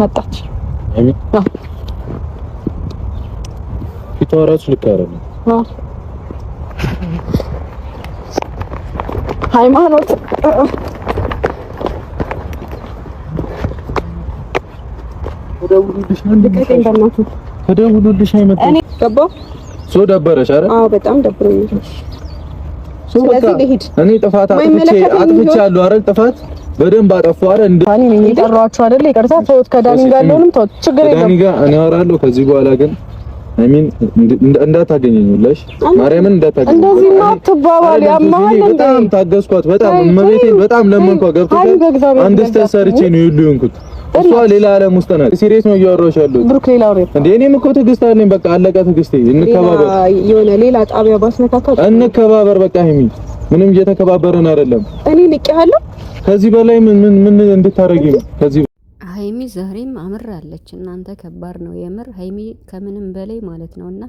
መጣች። ፊቷ እራሱ ልክ አይደለም። ሃይማኖት ተደውሎልሽ አይመጣም። ሰው ደበረሽ? ኧረ አዎ፣ በጣም ደብሮኛል። ሰው በቃ እኔ ጥፋት አጥፍቻለሁ አይደል? ጥፋት በደንብ አጠፋው። አይደል? እንደ ሀኒ ምን ይጠራችሁ አይደል? ይቅርታ ተውት። ከዳኒ ጋር ያለውንም ተውት። ችግር የለም ከዳኒ ጋር እኔ አወራለሁ። ከዚህ በኋላ ግን አሚን እንዳታገኘኝ ሁለሽ ማርያምን እንዳታገኘኝ። እንደዚህ አትባባል። ያማሃል። በጣም ታገስኳት። በጣም እመቤቴን በጣም ለመንኳት። ገብቶሻል። አንድ ስተሰርቼ ነው ይሉ ይሆንኩት እሷ ሌላ ዓለም ውስጥ ናት። ሲሪየስ ነው እያወራሁሽ ያለሁት ብሩክ። ሌላ ወሬ እንዴ? እኔም እኮ ትዕግስት አለኝ። በቃ አለቀ ትዕግስቴ። እንከባበር፣ የሆነ ሌላ ጣቢያ ባስነካካው እንከባበር። በቃ ሀይሚ፣ ምንም እየተከባበረን አይደለም። እኔ ንቄሃለሁ። ከዚህ በላይ ምን ምን እንድታረጊ ነው? ከዚህ ሀይሚ ዛሬም አምራለች። እናንተ ከባድ ነው የምር ሀይሚ፣ ከምንም በላይ ማለት ነውና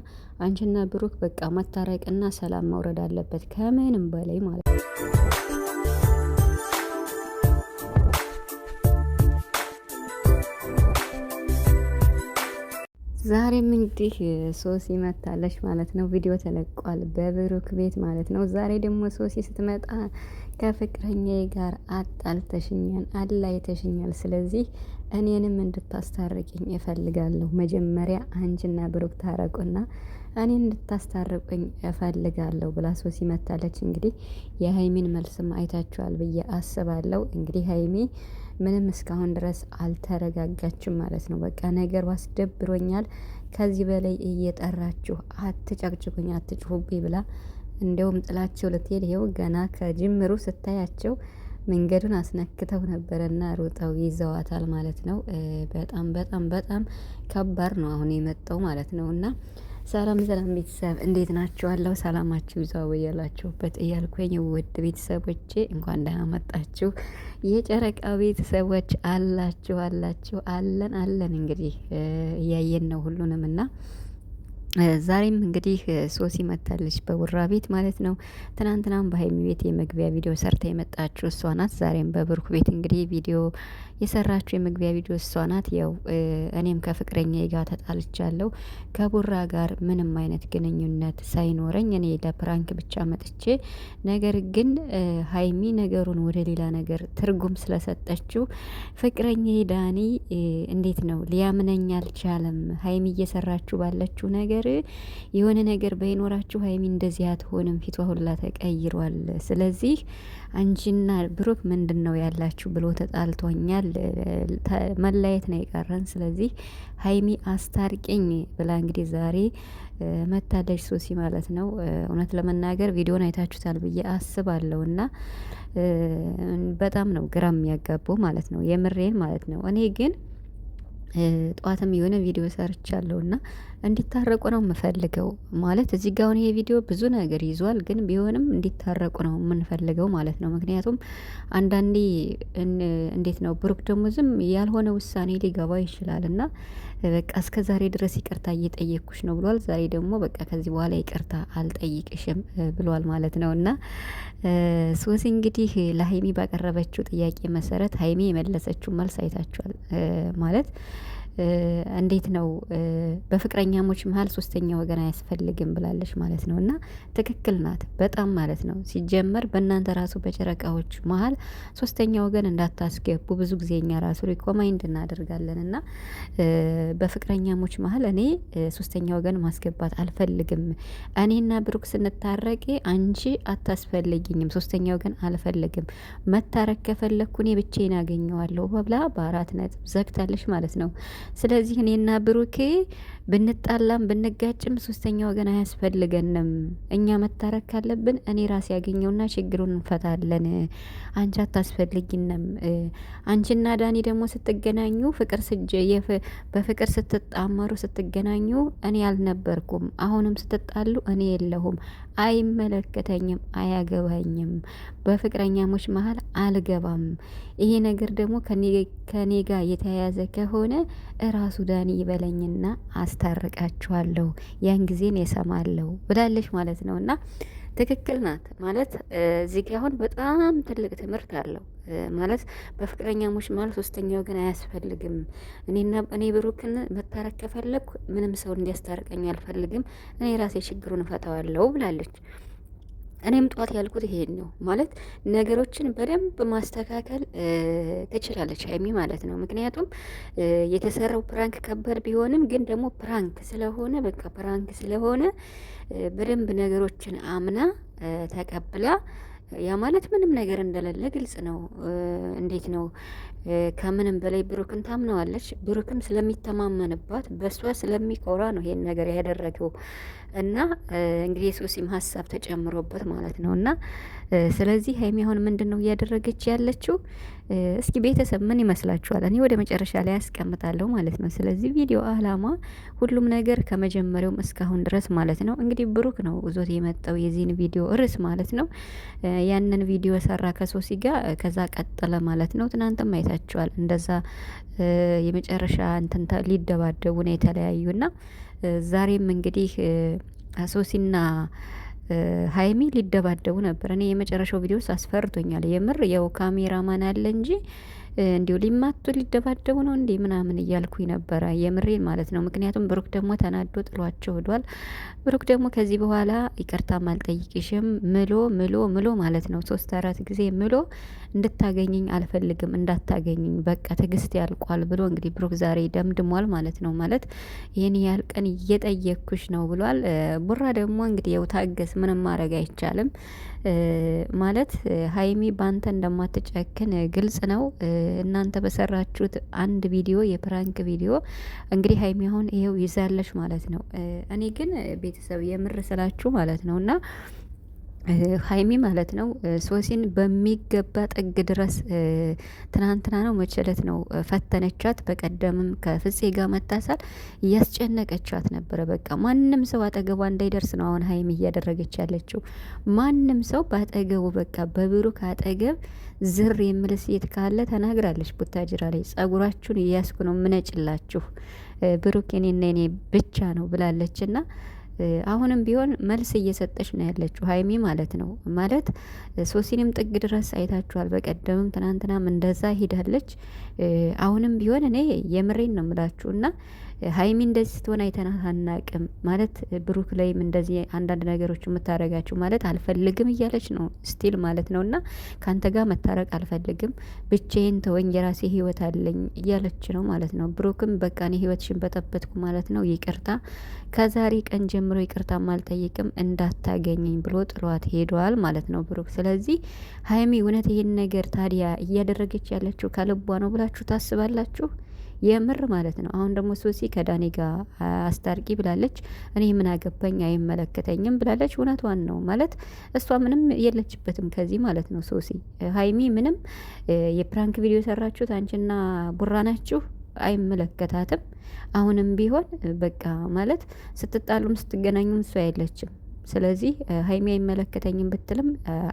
አንቺና ብሩክ በቃ መታረቅና ሰላም መውረድ አለበት ከምንም በላይ ማለት ነው። ዛሬም እንግዲህ ሶሲ መታለች ማለት ነው። ቪዲዮ ተለቋል በብሩክ ቤት ማለት ነው። ዛሬ ደግሞ ሶሲ ስትመጣ ከፍቅረኛዬ ጋር አጣልተሽኛል፣ አላይተሽኛል። ስለዚህ እኔንም እንድታስታርቅኝ እፈልጋለሁ። መጀመሪያ አንቺና ብሩክ ታረቁና እኔ እንድታስታርቁኝ እፈልጋለሁ ብላ ሶሲ መታለች። እንግዲህ የሀይሚን መልስም አይታችኋል ብዬ አስባለሁ። እንግዲህ ሀይሚ ምንም እስካሁን ድረስ አልተረጋጋችም ማለት ነው። በቃ ነገር አስደብሮኛል፣ ከዚህ በላይ እየጠራችሁ አትጨቅጭቁኝ፣ አትጩሁብኝ ብላ እንደውም ጥላቸው ልትሄድ ይኸው ገና ከጅምሩ ስታያቸው መንገዱን አስነክተው ነበረና ሩጠው ይዘዋታል ማለት ነው። በጣም በጣም በጣም ከባድ ነው አሁን የመጣው ማለት ነው እና ሰላም ሰላም ቤተሰብ እንዴት ናችኋለሁ? ሰላማችሁ ይዛው ያላችሁበት እያልኩኝ ውድ ቤተሰቦቼ እንኳን ደህና መጣችሁ። የጨረቃ ቤተሰቦች አላችሁ አላችሁ አለን አለን። እንግዲህ እያየን ነው ሁሉንም እና ዛሬም እንግዲህ ሶሲ መታለች በቡራ ቤት ማለት ነው። ትናንትናም በሀይሚ ቤት የመግቢያ ቪዲዮ ሰርታ የመጣችሁ እሷ ናት። ዛሬም በብሩክ ቤት እንግዲህ ቪዲዮ የሰራችው የመግቢያ ቪዲዮ እሷ ናት። ያው እኔም ከፍቅረኛ ጋር ተጣልቻለሁ። ከቡራ ጋር ምንም አይነት ግንኙነት ሳይኖረኝ እኔ ለፕራንክ ብቻ መጥቼ፣ ነገር ግን ሀይሚ ነገሩን ወደ ሌላ ነገር ትርጉም ስለሰጠችው ፍቅረኛ ዳኒ እንዴት ነው ሊያምነኝ አልቻለም። ሀይሚ እየሰራችሁ ባለችው ነገር የሆነ ነገር ባይኖራችሁ ሀይሚ እንደዚህ አትሆንም፣ ፊቷ ሁላ ተቀይሯል። ስለዚህ አንቺና ብሩክ ምንድን ነው ያላችሁ ብሎ ተጣልቶኛል መለየት ነው የቀረን። ስለዚህ ሀይሚ አስታርቂኝ ብላ እንግዲህ ዛሬ መታለች ሶሲ ማለት ነው። እውነት ለመናገር ቪዲዮን አይታችሁታል ብዬ አስባለሁ እና በጣም ነው ግራ የሚያጋባው ማለት ነው። የምሬን ማለት ነው። እኔ ግን ጠዋትም የሆነ ቪዲዮ ሰርቻለሁ እና እንዲታረቁ ነው የምፈልገው ማለት እዚህ ጋር አሁን ይሄ ቪዲዮ ብዙ ነገር ይዟል፣ ግን ቢሆንም እንዲታረቁ ነው የምንፈልገው ማለት ነው። ምክንያቱም አንዳንዴ እንዴት ነው ብሩክ ደግሞ ዝም ያልሆነ ውሳኔ ሊገባ ይችላል እና በቃ እስከ ዛሬ ድረስ ይቅርታ እየጠየቅኩሽ ነው ብሏል። ዛሬ ደግሞ በቃ ከዚህ በኋላ ይቅርታ አልጠይቅሽም ብሏል ማለት ነው እና ሶሲ እንግዲህ ለሀይሚ ባቀረበችው ጥያቄ መሰረት ሀይሚ የመለሰችው መልስ አይታችኋል ማለት እንዴት ነው በፍቅረኛሞች መሀል ሶስተኛ ወገን አያስፈልግም ብላለች ማለት ነው። እና ትክክል ናት በጣም ማለት ነው። ሲጀመር በእናንተ ራሱ በጨረቃዎች መሀል ሶስተኛ ወገን እንዳታስገቡ ብዙ ጊዜ እኛ ራሱ ሪኮማይንድ እናደርጋለን። እና በፍቅረኛሞች መሀል እኔ ሶስተኛ ወገን ማስገባት አልፈልግም። እኔና ብሩክ ስንታረቄ አንቺ አታስፈልግኝም፣ ሶስተኛ ወገን አልፈልግም። መታረቅ ከፈለግኩ እኔ ብቻዬን አገኘዋለሁ ብላ በአራት ነጥብ ዘግታለች ማለት ነው። ስለዚህ እኔና ብሩኬ ብንጣላም ብንጋጭም ሶስተኛ ወገን አያስፈልገንም። እኛ መታረቅ ካለብን እኔ ራሴ ያገኘውና ችግሩን እንፈታለን። አንቺ አታስፈልጊንም። አንቺና ዳኒ ደግሞ ስትገናኙ ፍቅር በፍቅር ስትጣመሩ ስትገናኙ እኔ አልነበርኩም፣ አሁንም ስትጣሉ እኔ የለሁም። አይመለከተኝም፣ አያገባኝም። በፍቅረኛሞች መሀል አልገባም። ይሄ ነገር ደግሞ ከኔ ጋር የተያያዘ ከሆነ እራሱ ዳኒ ይበለኝና አስታርቃችኋለሁ ያን ጊዜን የሰማለሁ ብላለች ማለት ነው። እና ትክክል ናት ማለት እዚህ ጋ አሁን በጣም ትልቅ ትምህርት አለው ማለት በፍቅረኛሞች ማለት ሶስተኛ ወገን አያስፈልግም። እኔና እኔ ብሩክን መታረቅ ከፈለግኩ ምንም ሰው እንዲያስታርቀኝ አልፈልግም። እኔ ራሴ ችግሩን እፈታዋለሁ ብላለች። እኔም ጠዋት ያልኩት ይሄን ነው ማለት ነገሮችን በደንብ ማስተካከል ትችላለች ሀይሚ ማለት ነው። ምክንያቱም የተሰራው ፕራንክ ከባድ ቢሆንም ግን ደግሞ ፕራንክ ስለሆነ በቃ ፕራንክ ስለሆነ በደንብ ነገሮችን አምና ተቀብላ ያ ማለት ምንም ነገር እንደሌለ ግልጽ ነው። እንዴት ነው? ከምንም በላይ ብሩክን ታምነዋለች። ብሩክም ስለሚተማመንባት በሷ ስለሚኮራ ነው ይሄን ነገር ያደረገው እና እንግዲህ የሱሲም ሀሳብ ተጨምሮበት ማለት ነው እና ስለዚህ ሀይሚ አሁን ምንድን ነው እያደረገች ያለችው? እስኪ ቤተሰብ ምን ይመስላችኋል? እኔ ወደ መጨረሻ ላይ ያስቀምጣለሁ ማለት ነው። ስለዚህ ቪዲዮ አላማ ሁሉም ነገር ከመጀመሪያውም እስካሁን ድረስ ማለት ነው። እንግዲህ ብሩክ ነው ዞት የመጣው የዚህን ቪዲዮ ርዕስ ማለት ነው። ያንን ቪዲዮ ሰራ ከሶሲ ጋር ከዛ ቀጠለ ማለት ነው። ትናንትም አይታችኋል እንደዛ የመጨረሻ እንትን ሊደባደቡ ነው የተለያዩና ዛሬም እንግዲህ ሶሲና ሀይሚ ሊደባደቡ ነበር። እኔ የመጨረሻው ቪዲዮ አስፈርቶኛል የምር ያው ካሜራማን አለ እንጂ እንዲሁ ሊማቱ ሊደባደቡ ነው እንዴ ምናምን እያልኩ ነበረ፣ የምሬን ማለት ነው። ምክንያቱም ብሩክ ደግሞ ተናዶ ጥሏቸው ሄዷል። ብሩክ ደግሞ ከዚህ በኋላ ይቅርታ አልጠይቅሽም ምሎ ምሎ ምሎ ማለት ነው ሶስት አራት ጊዜ ምሎ እንድታገኘኝ አልፈልግም፣ እንዳታገኘኝ በቃ ትግስት ያልቋል ብሎ እንግዲህ ብሩክ ዛሬ ደምድሟል ማለት ነው። ማለት ይህን ያህል ቀን እየጠየኩሽ ነው ብሏል። ቡራ ደግሞ እንግዲህ የው ታገስ፣ ምንም ማድረግ አይቻልም። ማለት ሀይሚ ባንተ እንደማትጨክን ግልጽ ነው። እናንተ በሰራችሁት አንድ ቪዲዮ የፕራንክ ቪዲዮ እንግዲህ ሀይሚ አሁን ይኸው ይዛለች ማለት ነው። እኔ ግን ቤተሰብ የምር ስላችሁ ማለት ነው እና ሀይሚ ማለት ነው ሶሲን በሚገባ ጥግ ድረስ ትናንትና ነው መቸለት ነው ፈተነቻት። በቀደምም ከፍፄ ጋር መታሳል እያስጨነቀቻት ነበረ። በቃ ማንም ሰው አጠገቧ እንዳይደርስ ነው አሁን ሀይሚ እያደረገች ያለችው። ማንም ሰው በአጠገቡ በቃ በብሩክ አጠገብ ዝር የምል ሴት ካለ ተናግራለች። ቡታጅራ ላይ ጸጉራችሁን እያስኩ ነው ምነጭላችሁ ብሩክ የኔና የኔ ብቻ ነው ብላለችና አሁንም ቢሆን መልስ እየሰጠች ነው ያለችው ሀይሚ ማለት ነው። ማለት ሶሲንም ጥግ ድረስ አይታችኋል። በቀደምም ትናንትናም እንደዛ ሂዳለች። አሁንም ቢሆን እኔ የምሬን ነው ምላችሁ እና ሀይሚ እንደዚህ ስትሆን አይተናት አናቅም ማለት ብሩክ ላይም እንደዚህ አንዳንድ ነገሮች የምታረጋችሁ ማለት አልፈልግም እያለች ነው ስቲል ማለት ነው። እና ከአንተ ጋር መታረቅ አልፈልግም ብቻዬን ተወኝ የራሴ ህይወት አለኝ እያለች ነው ማለት ነው። ብሩክም በቃ እኔ ህይወትሽን በጠበትኩ ማለት ነው ይቅርታ፣ ከዛሬ ቀን ጀምሮ ይቅርታ አልጠይቅም እንዳታገኘኝ ብሎ ጥሏት ሄደዋል ማለት ነው ብሩክ። ስለዚህ ሀይሚ እውነት ይህን ነገር ታዲያ እያደረገች ያለችው ከልቧ ነው ብላችሁ ታስባላችሁ? የምር ማለት ነው። አሁን ደግሞ ሶሲ ከዳኔ ጋር አስታርቂ ብላለች። እኔ ምን አገባኝ አይመለከተኝም ብላለች። እውነቷን ነው ማለት እሷ ምንም የለችበትም ከዚህ ማለት ነው። ሶሲ ሀይሚ ምንም የፕራንክ ቪዲዮ የሰራችሁት አንቺና ቡራ ናችሁ። አይመለከታትም። አሁንም ቢሆን በቃ ማለት ስትጣሉም ስትገናኙም እሷ የለችም። ስለዚህ ሀይሚ አይመለከተኝም ብትልም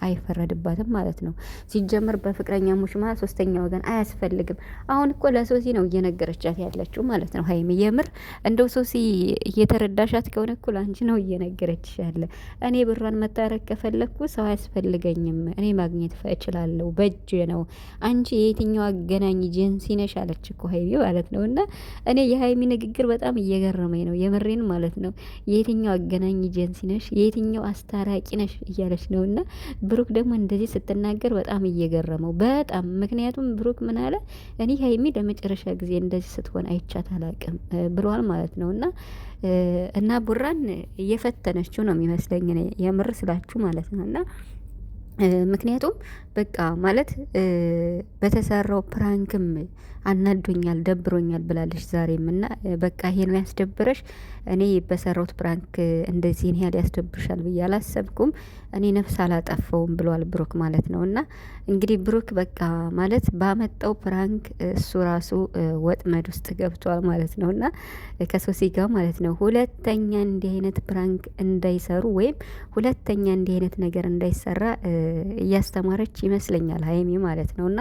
አይፈረድባትም ማለት ነው። ሲጀመር ሙሽ መሀል ሶስተኛ ወገን አያስፈልግም። አሁን እኮ ለሶሲ ነው እየነገረቻት ያለችው ማለት ነው። ሀይሚ የምር እንደው ሶሲ እየተረዳሻት ከሆነ እኮ ለአንቺ ነው እየነገረችሽ ያለ። እኔ ብሯን መታረቅ ከፈለግኩ ሰው አያስፈልገኝም፣ እኔ ማግኘት እችላለሁ፣ በእጅ ነው። አንቺ የየትኛው አገናኝ ጀንሲ ነሽ አለች እኮ ሀይሚ ማለት ነው። እና እኔ የሀይሚ ንግግር በጣም እየገረመኝ ነው የምሬን ማለት ነው። የየትኛው አገናኝ ጀንሲ ነሽ የትኛው አስታራቂ ነሽ እያለች ነው። እና ብሩክ ደግሞ እንደዚህ ስትናገር በጣም እየገረመው በጣም ምክንያቱም ብሩክ ምን አለ እኔ ሀይሚ ለመጨረሻ ጊዜ እንደዚህ ስትሆን አይቻት አላቅም ብሏል ማለት ነው እና እና ቡራን እየፈተነችው ነው የሚመስለኝ የምር ስላችሁ ማለት ነው እና ምክንያቱም በቃ ማለት በተሰራው ፕራንክም አናዶኛል፣ ደብሮኛል ብላለች ዛሬም እና በቃ ይሄ ያስደብረሽ። እኔ በሰራሁት ፕራንክ እንደዚህ ያል ያስደብርሻል ብዬ አላሰብኩም። እኔ ነፍስ አላጠፈውም ብሏል ብሩክ ማለት ነው እና እንግዲህ ብሩክ በቃ ማለት ባመጣው ፕራንክ እሱ ራሱ ወጥመድ ውስጥ ገብቷል ማለት ነው እና ከሶሲ ጋር ማለት ነው። ሁለተኛ እንዲህ አይነት ፕራንክ እንዳይሰሩ ወይም ሁለተኛ እንዲህ አይነት ነገር እንዳይሰራ እያስተማረች ይመስለኛል ሀይሚ ማለት ነው እና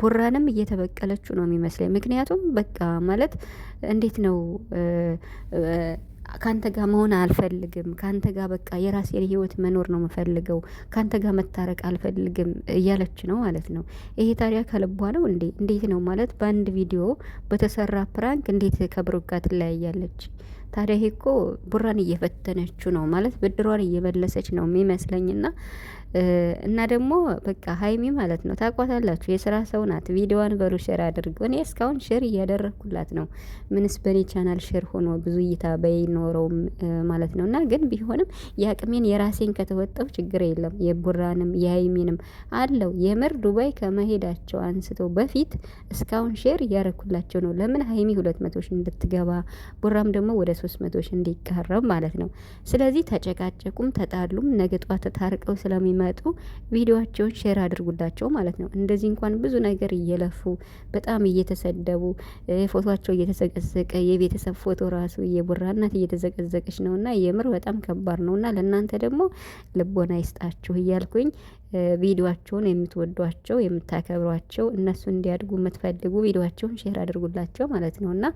ቡራንም እየተበቀለችው ነው የሚመስለኝ። ምክንያቱም በቃ ማለት እንዴት ነው ከአንተ ጋር መሆን አልፈልግም፣ ከአንተ ጋር በቃ የራሴን ህይወት መኖር ነው የምፈልገው፣ ከአንተ ጋር መታረቅ አልፈልግም እያለች ነው ማለት ነው። ይሄ ታዲያ ከልቧ ነው እንዴ? እንዴት ነው ማለት በአንድ ቪዲዮ በተሰራ ፕራንክ እንዴት ከብሩክ ጋር ትለያያለች? ታዲያ ይሄ እኮ ቡራን እየፈተነችው ነው ማለት ብድሯን እየመለሰች ነው የሚመስለኝና እና ደግሞ በቃ ሀይሚ ማለት ነው ታቋታላችሁ፣ የስራ ሰው ናት። ቪዲዮዋን በሉ ሼር አድርጉ። እኔ እስካሁን ሼር እያደረግኩላት ነው። ምንስ በእኔ ቻናል ሼር ሆኖ ብዙ እይታ ባይኖረውም ማለት ነው። እና ግን ቢሆንም የአቅሜን የራሴን ከተወጣው ችግር የለም። የቡራንም የሀይሚንም አለው የምር ዱባይ ከመሄዳቸው አንስቶ በፊት እስካሁን ሼር እያደረግኩላቸው ነው። ለምን ሀይሚ ሁለት መቶ ሺ እንድትገባ ቡራም ደግሞ ወደ ሶስት መቶ ሺ እንዲቃረብ ማለት ነው። ስለዚህ ተጨቃጨቁም ተጣሉም ነገ ጧት ተታርቀው ስለሚመጡ ቪዲዮቸውን ሼር አድርጉላቸው ማለት ነው። እንደዚህ እንኳን ብዙ ነገር እየለፉ በጣም እየተሰደቡ ፎቶቸው እየተዘቀዘቀ የቤተሰብ ፎቶ ራሱ የቡራ እናት እየተዘቀዘቀች ነውና የምር በጣም ከባድ ነውና ለእናንተ ደግሞ ልቦና ይስጣችሁ እያልኩኝ ቪዲዮቸውን የምትወዷቸው የምታከብሯቸው እነሱ እንዲያድጉ የምትፈልጉ ቪዲዮቸውን ሼር አድርጉላቸው ማለት ነውና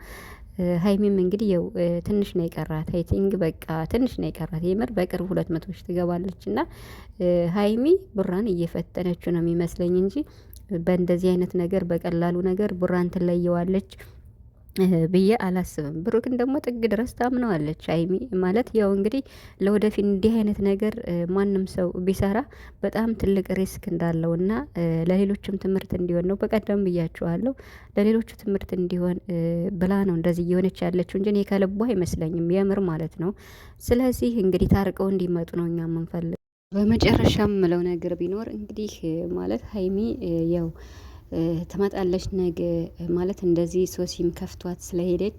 ሀይሚም እንግዲህ ው ትንሽ ነው የቀራት ቲንግ በቃ ትንሽ ነው የቀራት የምር በቅርብ ሁለት መቶ ሺህ ትገባለች እና ሀይሚ ቡራን እየፈተነችው ነው የሚመስለኝ እንጂ በእንደዚህ አይነት ነገር በቀላሉ ነገር ቡራን ትለየዋለች ብዬ አላስብም። ብሩክን ደግሞ ጥግ ድረስ ታምነዋለች ሀይሚ ማለት ያው እንግዲህ ለወደፊት እንዲህ አይነት ነገር ማንም ሰው ቢሰራ በጣም ትልቅ ሪስክ እንዳለው እና ለሌሎችም ትምህርት እንዲሆን ነው። በቀደም ብያችኋለሁ፣ ለሌሎቹ ትምህርት እንዲሆን ብላ ነው እንደዚህ እየሆነች ያለችው እንጂ እኔ ከልቧ አይመስለኝም የምር ማለት ነው። ስለዚህ እንግዲህ ታርቀው እንዲመጡ ነው እኛ የምንፈልግ። በመጨረሻ ምለው ነገር ቢኖር እንግዲህ ማለት ሀይሚ ያው ትመጣለች ነገ ማለት እንደዚህ ሶሲም ከፍቷት ስለሄደች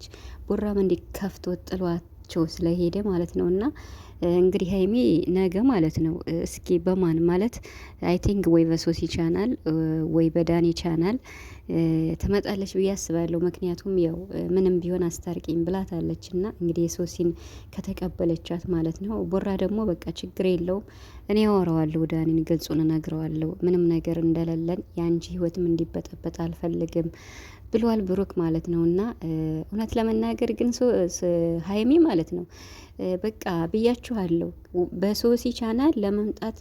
ቡራም እንዲ ከፍቶት ጥሏቸው ስለሄደ ማለት ነው እና እንግዲህ ሀይሚ ነገ ማለት ነው። እስኪ በማን ማለት አይ ቲንክ ወይ በሶሲ ቻናል ወይ በዳኒ ቻናል ትመጣለች ብዬ አስባለሁ። ምክንያቱም ያው ምንም ቢሆን አስታርቂኝ ብላታለች እና እንግዲህ የሶሲን ከተቀበለቻት ማለት ነው። ቦራ ደግሞ በቃ ችግር የለውም እኔ አወራዋለሁ ዳኒን ገልጹን እነግረዋለሁ ምንም ነገር እንደሌለን የአንቺ ህይወትም እንዲበጠበጥ አልፈልግም ብሏል ብሩክ ማለት ነው። እና እውነት ለመናገር ግን ሀይሚ ማለት ነው በቃ ብያችኋለሁ፣ በሶሲ ቻናል ለመምጣት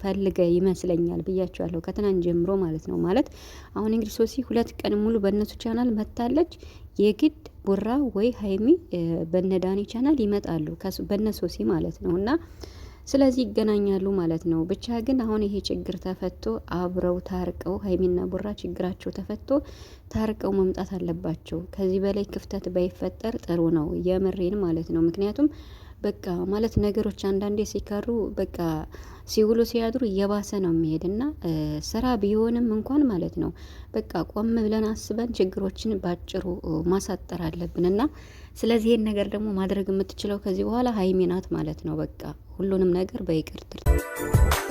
ፈልገ ይመስለኛል ብያችኋለሁ፣ ከትናንት ጀምሮ ማለት ነው። ማለት አሁን እንግዲህ ሶሲ ሁለት ቀን ሙሉ በእነሱ ቻናል መታለች። የግድ ቡራ ወይ ሀይሚ በነዳኒ ቻናል ይመጣሉ፣ በነ ሶሲ ማለት ነው እና ስለዚህ ይገናኛሉ ማለት ነው። ብቻ ግን አሁን ይሄ ችግር ተፈቶ አብረው ታርቀው ሀይሚና ቡራ ችግራቸው ተፈቶ ታርቀው መምጣት አለባቸው። ከዚህ በላይ ክፍተት ባይፈጠር ጥሩ ነው። የምሬን ማለት ነው ምክንያቱም በቃ ማለት ነገሮች አንዳንዴ ሲከሩ በቃ ሲውሉ ሲያድሩ እየባሰ ነው የሚሄድና ስራ ቢሆንም እንኳን ማለት ነው በቃ ቆም ብለን አስበን ችግሮችን ባጭሩ ማሳጠር አለብን ስለዚህ ይህን ነገር ደግሞ ማድረግ የምትችለው ከዚህ በኋላ ሀይሚ ናት ማለት ነው። በቃ ሁሉንም ነገር በይቅርታ